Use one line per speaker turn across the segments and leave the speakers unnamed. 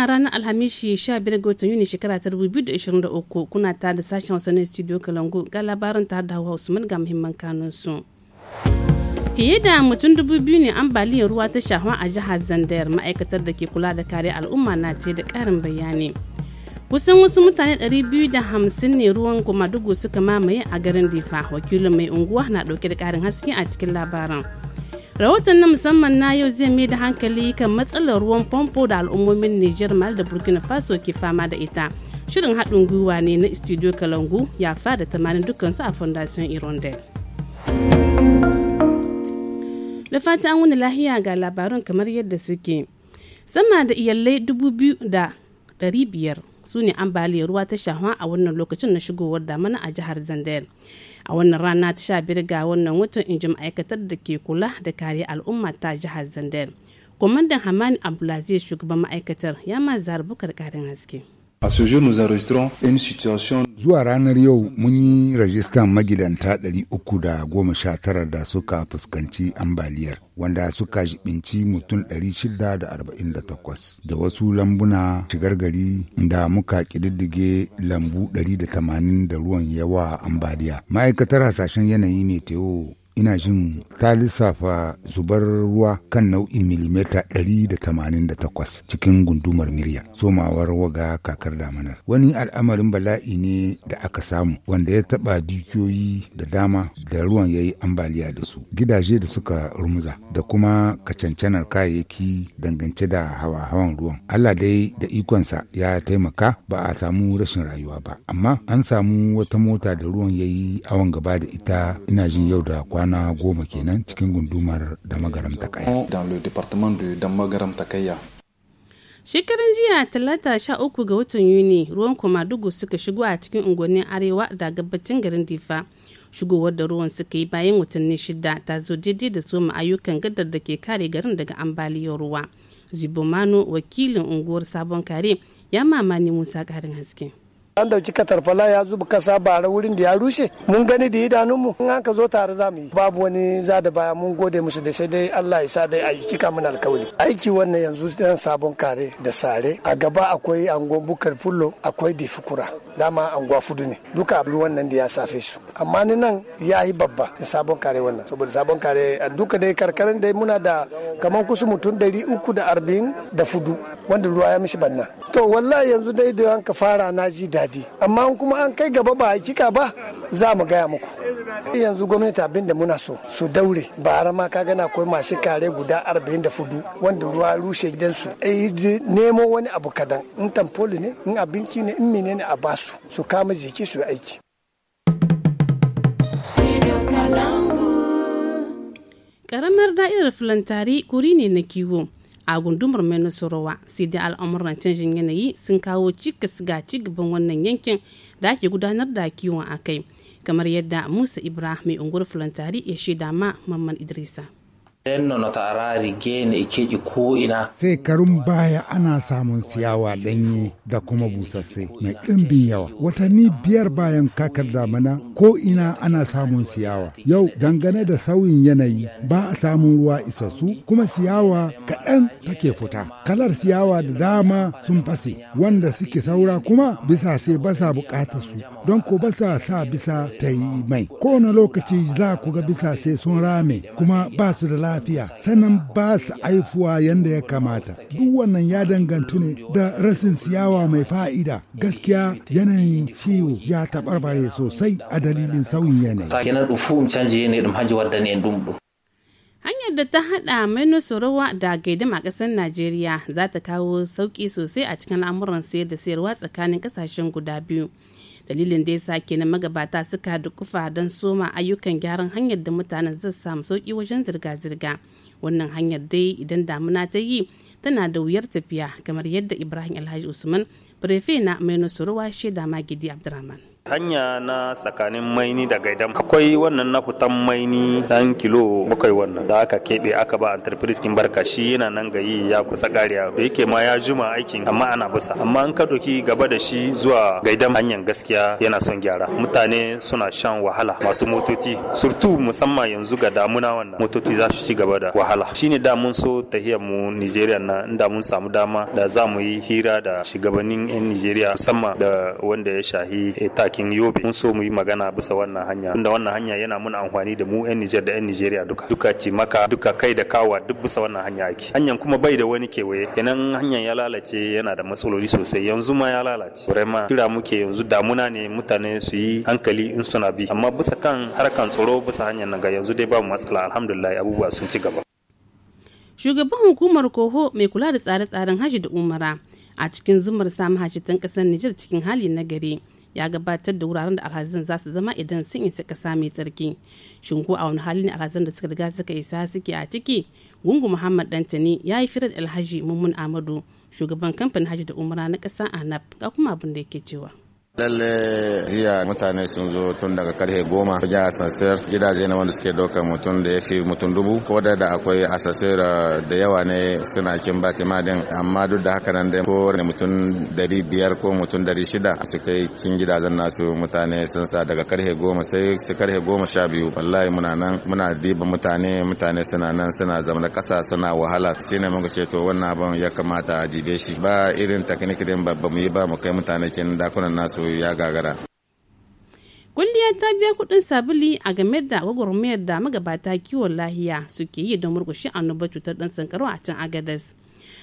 Ina ranar alhamishi 15 ga watan yuni shekara ta 2023 kuna ta da sashen wasannin studio kalangu ga labarin ta da hawa usman ga muhimman kanun su fiye da mutum dubu biyu ne ambaliyar ruwa ta shahwa a jihar zandayar ma'aikatar da ke kula da kare al'umma na ce da karin bayani kusan wasu mutane 250 ne ruwan kuma dugu suka mamaye a garin difa wakilin mai unguwa na dauke da karin haske a cikin labaran rahoton na musamman na yau zai mai da hankali kan matsalar ruwan famfo da al'ummomin nijar mal da burkina faso ke fama da ita shirin haɗin gwiwa ne na studio kalangu ya fada tamanin dukansu a fondation irondel da fata an wani lahiya ga labarun kamar yadda suke sama da iyalai dubu biyu da ɗari biyar su ne ambaliyar ruwa ta shahwa a wannan lokacin na shigowar damana a jihar zandayar a wannan rana ta sha biyar ga wannan watan inji ma'aikatar da ke kula da kare al'umma ta jihar zandayar kwamandan hamani abdulaziz shugaban ma'aikatar ya ma zarbukar karkarin haske
Zuwa ranar yau mun yi rajistan magidanta 319 da suka fuskanci ambaliyar wanda suka jibinci mutum 648 da wasu lambuna shigar gari da muka kididdige lambu 180 da ruwan yawa ambaliya. Ma'aikatar hasashen yanayi ne teo ina jin ta lissafa zubar ruwa kan nau'in milimeta takwas cikin gundumar mirya, somawar waga kakar damanar wani al'amarin bala'i ne da aka samu wanda ya taɓa dukiyoyi da dama da ruwan ya yi ambaliya da su gidaje da suka rumuza da kuma kacancanar kayayyaki dangance da hawa-hawan ruwan allah dai da ikonsa ya taimaka ba a samu rashin rayuwa ba amma an samu wata mota da ruwan ya yi awon gaba da ita ina jin yau da kwa kwana goma kenan cikin gundumar da magaram
takaya.
Shekarun jiya talata sha uku ga watan Yuni ruwan kuma dugu suka shigo a cikin unguwannin Arewa da gabacin garin Difa. Shigowar da ruwan suka yi bayan watanni shida ta zo daidai da soma ayyukan gadar da ke kare garin daga ambaliyar ruwa. Zibomano wakilin unguwar Sabon Kare ya mamani Musa karin hasken
an dauki katarfala ya zuba kasa bara wurin da ya rushe mun gani da idanunmu in an ka zo tare za mu yi babu wani za da baya mun gode musu da sai dai Allah ya sa dai a kika mun alkawali aiki wannan yanzu dan sabon kare da sare a gaba akwai angon bukar fullo akwai difukura dama angwa fudu ne duka abu wannan da ya safe su amma ni nan ya yi babba da sabon kare wannan saboda sabon kare duka dai karkarin dai muna da kamar kusa mutum ɗari uku da arba'in da fudu wanda ruwa ya mishi banna to wallahi yanzu dai da an ka fara na ji dadi amma kuma an kai gaba ba hakika ba za mu gaya muku yanzu gwamnati abin da muna so su daure bara ma ka gana akwai masu kare guda arba'in da wanda ruwa rushe gidansu ai eh, nemo wani abu kadan in tamfoli ne in abinci ne in menene a basu su kama jiki su aiki
Karamar da'irar filantari kuri ne na kiwo. a gundumar mai sai dai al'amuran canjin yanayi sun kawo cikas ci gaban wannan yankin da ake gudanar da kiwon a kai kamar yadda musa ibrahim mai unguwar fulantari ya shaida ma mamman idrisa Renno na tarari gene ikeji e ko ina.
sai karun baya ana samun siyawa danye da kuma busasse mai ɗimbin yawa. Watanni biyar bayan kakar damana ko ina ana samun siyawa. Yau dangane da sauyin yanayi ba a samun ruwa isassu kuma siyawa kaɗan take fita. Kalar siyawa da dama sun fase wanda suke saura kuma bisa sai basa buƙatar su don ko basa sa bisa ta yi mai. Kowane lokaci za ku ga bisa sai sun rame kuma ba su da lafiya sannan ba su aifuwa yadda ya kamata duk wannan ya dangantu ne da rasin siyawa mai fa'ida gaskiya yanayin ciwo ya taɓarɓare sosai a dalilin sauyin
yanayi
hanyar da ta hada rawa da gaidam a kasar najeriya za ta kawo sauki sosai a cikin al'amuran sayar da sayarwa tsakanin kasashen guda biyu dalilin da ya sa kenan magabata suka kufa don soma ayyukan gyaran hanyar da mutanen zai samu sauki wajen zirga-zirga wannan hanyar dai idan damuna ta yi tana da wuyar tafiya kamar yadda ibrahim alhaji usman prefe na mai nasaruwa shaida magidi abdurrahman
hanya na tsakanin maini da gaidam akwai wannan na hutan maini dan kilo bakwai wannan da aka kebe aka ba entreprise kin barka shi yana nan gayi ya kusa kariya da yake ma ya juma aikin amma ana busa. amma an ka doki gaba da shi zuwa gaidam hanyar gaskiya yana son gyara mutane suna shan wahala masu motoci surtu musamman yanzu ga damuna wannan motoci za su ci gaba da wahala shine da mun so tahiyar mu Nigeria na inda mun samu dama da za mu yi hira da shugabannin 'yan Nigeria musamman da wanda ya shahi ta tsallakin yobe mun so mu yi magana bisa wannan hanya tunda wannan hanya yana muna amfani da mu yan Nijar da yan Nijeriya duka duka ci maka duka kai da kawa duk bisa wannan hanya ake hanyan kuma bai da wani kewaye kenan hanyan ya lalace yana da matsaloli sosai yanzu ma ya lalace vraiment kira muke yanzu damuna ne mutane su yi hankali in suna bi amma bisa kan harkan tsaro bisa hanyar nan ga yanzu dai babu matsala alhamdulillah abubuwa sun ci gaba
shugaban hukumar koho mai kula da tsare-tsaren hajji da umara a cikin zumar samun hajjitan kasar Nijar cikin hali na gari ya gabatar da wuraren da alhazin za su zama idan sun isa kasa mai tsarki shinko a wani halin alhazin da suka riga suka isa suke a ciki gungu muhammad dantani ya yi firar alhaji mummun amadu shugaban kamfanin hajji da umara na kasa anap ga kuma abin da yake cewa
lalle iya mutane sun zo tun daga karfe goma wajen asansiyar gidaje na wanda suke ɗaukar mutum da ya fi mutum dubu ko da da akwai asansiyar uh, da yawa ne suna kin batima din amma duk da haka nan dai ko ne mutum dari biyar ko mutum dari shida su kai kin gidajen nasu mutane sun sa daga karfe goma sai su karfe goma sha biyu wallahi muna nan muna diba mutane mutane suna nan suna zama kasa suna wahala shi ne mun ce to wannan abin ya kamata a dibe shi ba irin taknikin ba mu yi ba mu kai mutane kin dakunan nasu ya gagara
kulliya ta biya kudin sabili a game da gwagwarmayar da magabata kiwon lahiya suke yi don murkushe annobar cutar dan sankarau a can agadas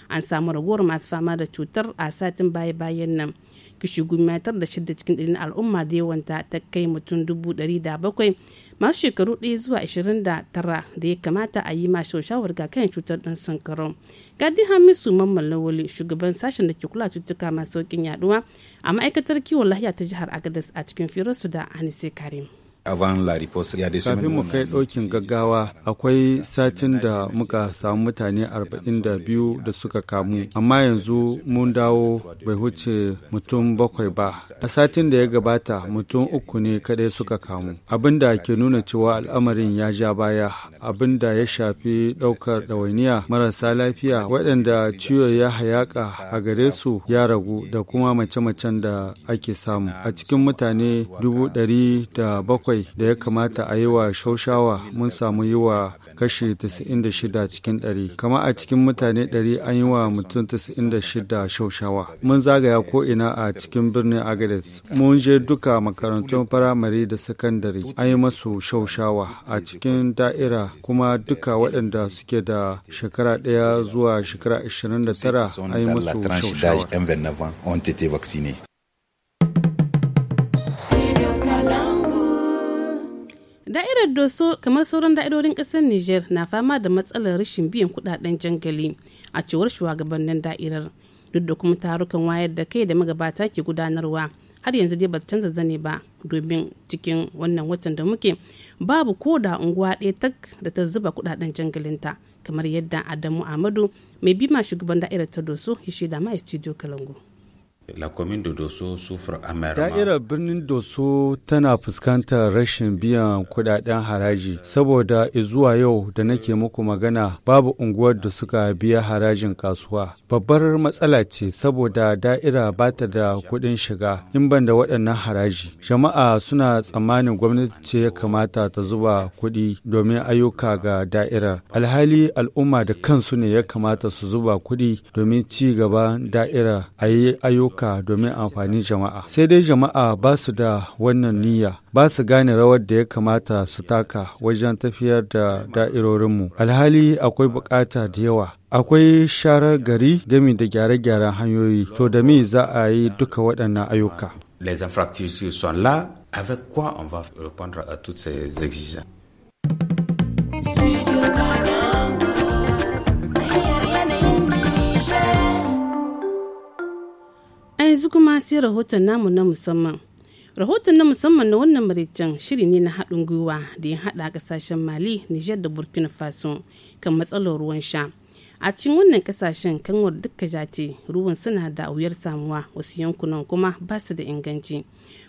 an samu ragowar masu fama da cutar a satin baya-bayan nan kishi gumiyatar da shida cikin ɗin al'umma da yawanta ta kai mutum dubu ɗari da bakwai masu shekaru ɗaya zuwa ashirin da tara da ya kamata a yi ma shawar ga kan cutar ɗan sankarau gadi hamisu mamman lawali shugaban sashen da ke kula cutuka masu sauƙin yaduwa a ma'aikatar kiwon lahiya ta jihar agadas a cikin su da anise karim
Kafin mu kai ɗaukin gaggawa akwai satin da muka samu mutane 42 da suka kamu, amma yanzu mun dawo bai huce mutum bakwai ba. A satin da ya gabata mutum uku ne kadai suka kamu. Abin da ke nuna cewa al'amarin ya ja baya, abin da ya shafi ɗaukar ɗawainiya marasa lafiya waɗanda ciwo ya hayaka a gare su ya ragu da kuma mace-macen da ake samu. A cikin mutane 700 da bakwai kawai da ya kamata a yi wa shaushawa mun samu yi wa kashi 96 cikin 100 kama a cikin mutane 100 an yi wa mutum 96 shaushawa mun zagaya ko'ina a cikin birnin agades mun je duka makarantun firamare da sakandare an yi masu shaushawa a cikin da'ira kuma duka waɗanda suke da shekara ɗaya zuwa shekara 29 an yi masu shaushawa
da doso kamar sauran da'irorin kasar niger na fama da matsalar rashin biyan kudaden jangali a cewar shugabannin da'irar duk da kuma tarukan wayar da kai da magabata ke gudanarwa har yanzu dai ba canza zane ba domin cikin wannan watan da muke babu ko da unguwa ɗaya tak da ta zuba kudaden jangalinta kamar yadda adamu amadu mai bima shugaban da'irar ta doso ya shaida ma studio kalangu
La commune de Dosso souffre amèrement. Da'irar birnin Dosso tana fuskantar rashin biyan kudaden haraji saboda zuwa yau da nake muku magana babu unguwar da suka biya harajin kasuwa. Babbar matsala ce saboda da'ira ba ta da kuɗin shiga in ban da waɗannan haraji. Jama'a suna tsammanin gwamnati ce ya kamata ta zuba kuɗi domin ayyuka ga da'irar. Alhali al'umma da kansu ne ya kamata su zuba kuɗi domin ci gaban da'ira a ayyuka ayyuka domin amfanin jama'a sai dai jama'a ba su da wannan niyya ba su gane rawar da ya kamata su taka wajen tafiyar da da'irorinmu alhali akwai bukata da yawa akwai sharar gari gami da gyare-gyaren hanyoyi to da me za a yi duka waɗannan ayyuka les
yanzu kuma sai rahoton namu na musamman. Rahoton na musamman na wannan maraicen shiri ne na haɗin gwiwa da ya haɗa ƙasashen Mali, Nijar da Burkina Faso kan matsalar ruwan sha. A cikin wannan ƙasashen kanwar duka jace ruwan suna da wuyar samuwa wasu yankunan kuma ba su da inganci.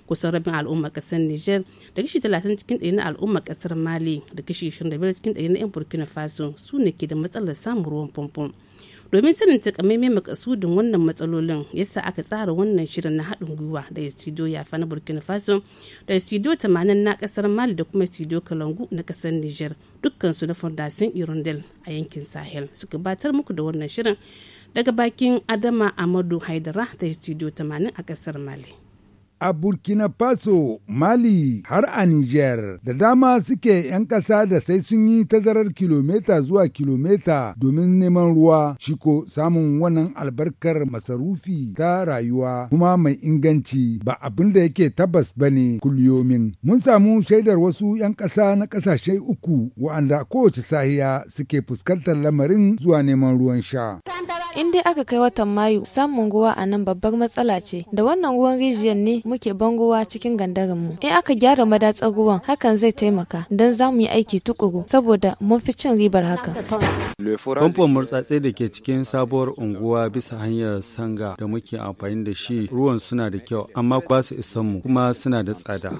kusan rabin al'ummar kasar niger da kashi 30 cikin 100 na al'ummar kasar mali da kashi 25 cikin 100 na 'yan burkina faso su ne ke da matsalar samun ruwan famfo domin sanin takamaimai makasudin wannan matsalolin yasa aka tsara wannan shirin na haɗin gwiwa da studio yafa na burkina faso da studio 80 na kasar mali da kuma studio kalangu na kasar niger dukkansu na fondation irondel a yankin sahel su gabatar muku da wannan shirin daga bakin adama amadu haidara ta studio 80 a kasar mali
a burkina faso mali har a niger da dama suke 'yan ƙasa da sai sun yi tazarar kilomita zuwa kilomita domin neman ruwa shiko samun wannan albarkar masarufi ta rayuwa kuma mai inganci ba abin da yake tabbas ba ne kulliyomin mun samu shaidar wasu 'yan ƙasa na ƙasashe uku wa'anda kowace sahiya suke fuskantar lamarin zuwa neman ruwan sha
in dai aka kai watan mayu samun ruwa a nan babbar matsala ce da wannan ruwan rijiyar ne muke bangowa cikin gandarin mu in aka gyara madatsar ruwan hakan zai taimaka don za mu yi aiki tukuru saboda mun fi cin ribar hakan
famfon murtsatse da ke cikin sabuwar unguwa bisa hanyar sanga da muke amfani da shi ruwan suna da kyau amma ba su isan mu kuma suna da tsada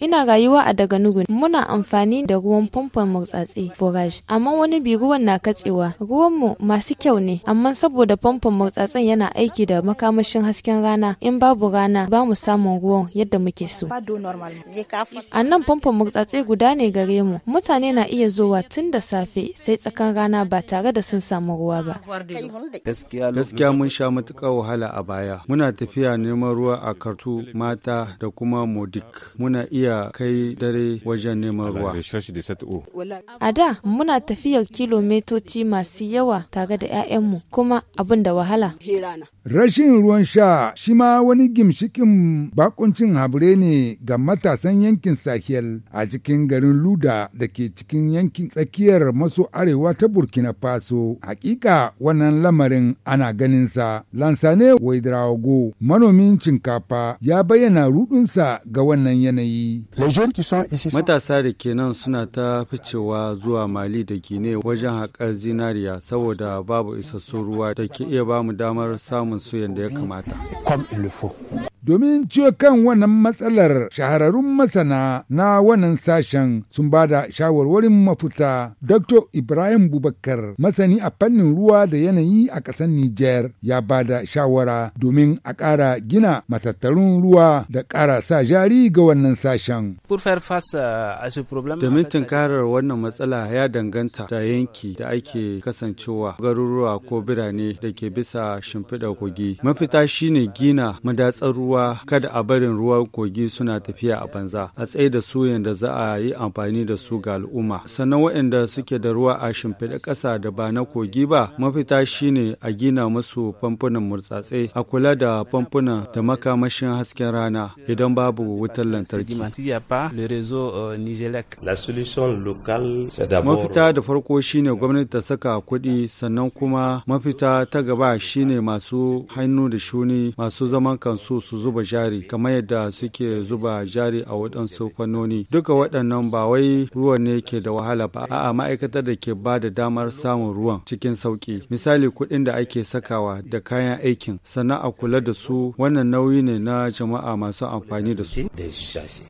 ina rayuwa a daga nugun muna amfani da ruwan famfon murtsatse forage amma wani bi ruwan na katsewa ruwan mu masu kyau ne amma saboda famfon murtsatsen yana aiki da makamashin hasken rana in babu rana ba mu samun ruwan yadda muke so. A nan famfon murtsatse guda ne gare mu. Mutane na iya zowa tun da safe sai tsakan rana ba tare da sun samu ruwa ba.
Gaskiya mun sha matuƙar wahala a baya. Muna tafiya neman ruwa a Kartu, Mata da kuma Modik. Muna iya kai dare wajen neman ruwa.
A da muna tafiyar kilometoci masu yawa tare da 'ya'yanmu kuma abin da wahala.
Rashin ruwan sha shi ma wani gimshikin bakuncin habre ne ga matasan yankin Sahel a cikin garin Luda da ke cikin yankin tsakiyar maso arewa ta Burkina Faso. Hakika wannan lamarin ana ganin ganinsa. Lansane Waidrago manomin cinkafa ya bayyana rudunsa ga wannan
yanayi. Matasa da ke nan suna ta ficewa zuwa Mali da Gine wajen haƙar zinariya saboda babu isassun ruwa da ke iya bamu damar samun su yadda ya kamata. le faut.
Domin ciwo kan wannan matsalar shahararrun masana na wannan sashen sun ba da shawarwarin mafuta. Dr. Ibrahim Bubakar masani a fannin ruwa da yanayi a ƙasar niger ya ba da shawara domin a kara gina matattarun ruwa da ƙara sa jari ga wannan
sashen.
Euh, domin
tunkarar wannan matsala ya danganta da yanki da ake kasancewa garuruwa ko birane da ke bisa shimfiɗa kogi. Mafita shine gina madatsar ruwa kada a barin ruwan kogi suna tafiya a banza a tsaye da su yadda za a yi amfani da su ga al'umma sannan waɗanda suke da ruwa a shimfiɗa ƙasa da ba na kogi ba mafita shine a gina musu famfunan murtsatse a kula da famfunan da makamashin hasken rana idan babu wutar lantarki mafita da farko shine gwamnati ta saka kuɗi sannan kuma mafita ta gaba shine masu hannu da shuni masu zaman kansu su zuba jari kamar yadda suke zuba jari a waɗansu fannoni duka waɗannan ba wai ruwan ne ke da wahala ba a'a ma'aikatar da ke ba da damar samun ruwan cikin sauki misali kuɗin da ake sakawa da kayan aikin sannan a kula da su wannan nauyi ne na jama'a masu amfani da su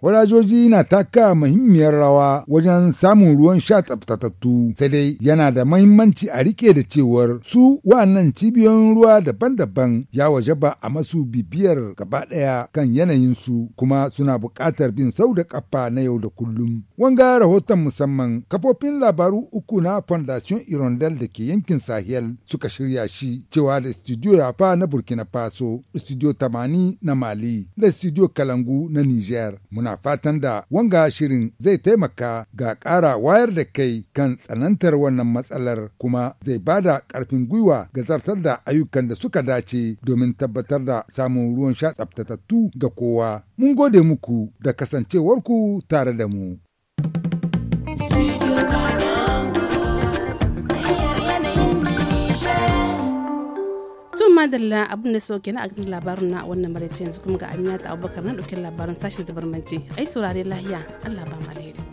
wadajoji na taka muhimmiyar rawa wajen samun ruwan sha tsaftatattu sai dai yana da mahimmanci a rike da cewar su wa'annan cibiyoyin ruwa daban-daban ya waje ba a masu bibiyar gaba gaba ɗaya kan su kuma suna buƙatar bin sau da ƙafa na yau da kullum. Wanga rahoton musamman kafofin labaru uku na Fondation Irondel da ke yankin Sahel suka shirya shi cewa da Studio Yafa na Burkina Faso, Studio Tamani na Mali da Studio Kalangu na Niger. Muna fatan da wanga shirin zai taimaka ga ƙara wayar da kai kan tsanantar wannan matsalar kuma zai bada ƙarfin gwiwa ga zartar da ayyukan da suka dace domin tabbatar da samun ruwan sha tsaftatattu da kowa. Mun gode muku da kasancewarku tare da mu.
ma madalla abin da soke na akan labarin na wannan maraice yanzu kuma ga Aminata Abubakar na ɗaukin labarin sashen zubar manci. Ai saurare lahiya Allah ba malere.